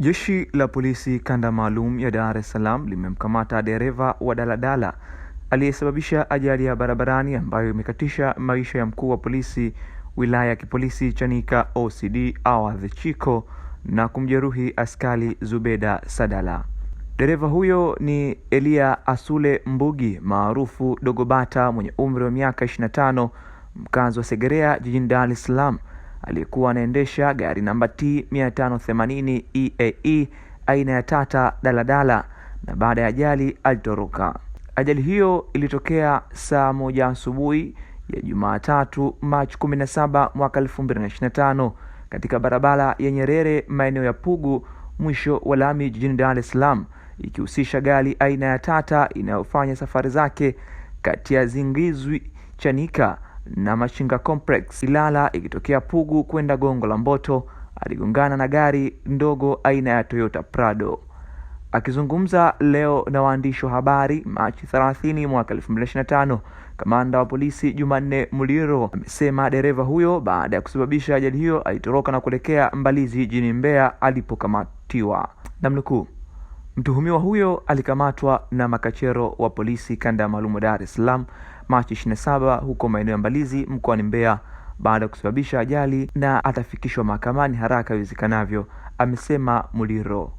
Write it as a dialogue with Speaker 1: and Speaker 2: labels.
Speaker 1: Jeshi la polisi kanda maalum ya Dar es Salaam limemkamata dereva wa daladala aliyesababisha ajali ya barabarani ambayo imekatisha maisha ya mkuu wa polisi wilaya ya kipolisi Chanika OCD Awadh Chiko na kumjeruhi askari Zubeda Sadala. Dereva huyo ni Elia Asule Mbugi maarufu Dogobata mwenye umri wa miaka 25, mkazi wa Segerea jijini Dar es Salaam aliyekuwa anaendesha gari namba T 580 EAE aina ya Tata daladala na baada ya ajali alitoroka. Ajali hiyo ilitokea saa moja asubuhi ya Jumatatu Machi 17 mwaka 2025 katika barabara ya Nyerere maeneo ya Pugu mwisho wa lami jijini Dar es Salaam ikihusisha gari aina ya Tata inayofanya safari zake kati ya Zingizwi Chanika na Machinga Complex Ilala ikitokea Pugu kwenda Gongo la Mboto aligongana na gari ndogo aina ya Toyota Prado. Akizungumza leo na waandishi wa habari Machi 30 mwaka 2025, kamanda wa polisi Jumanne Muliro amesema dereva huyo baada ya kusababisha ajali hiyo alitoroka na kuelekea Mbalizi jini Mbeya alipokamatiwa. Namnukuu, mtuhumiwa huyo alikamatwa na makachero wa polisi kanda ya maalum Dar es Salaam Machi 27 huko maeneo ya Mbalizi mkoani Mbeya baada ya kusababisha ajali na atafikishwa mahakamani haraka iwezekanavyo, amesema Muliro.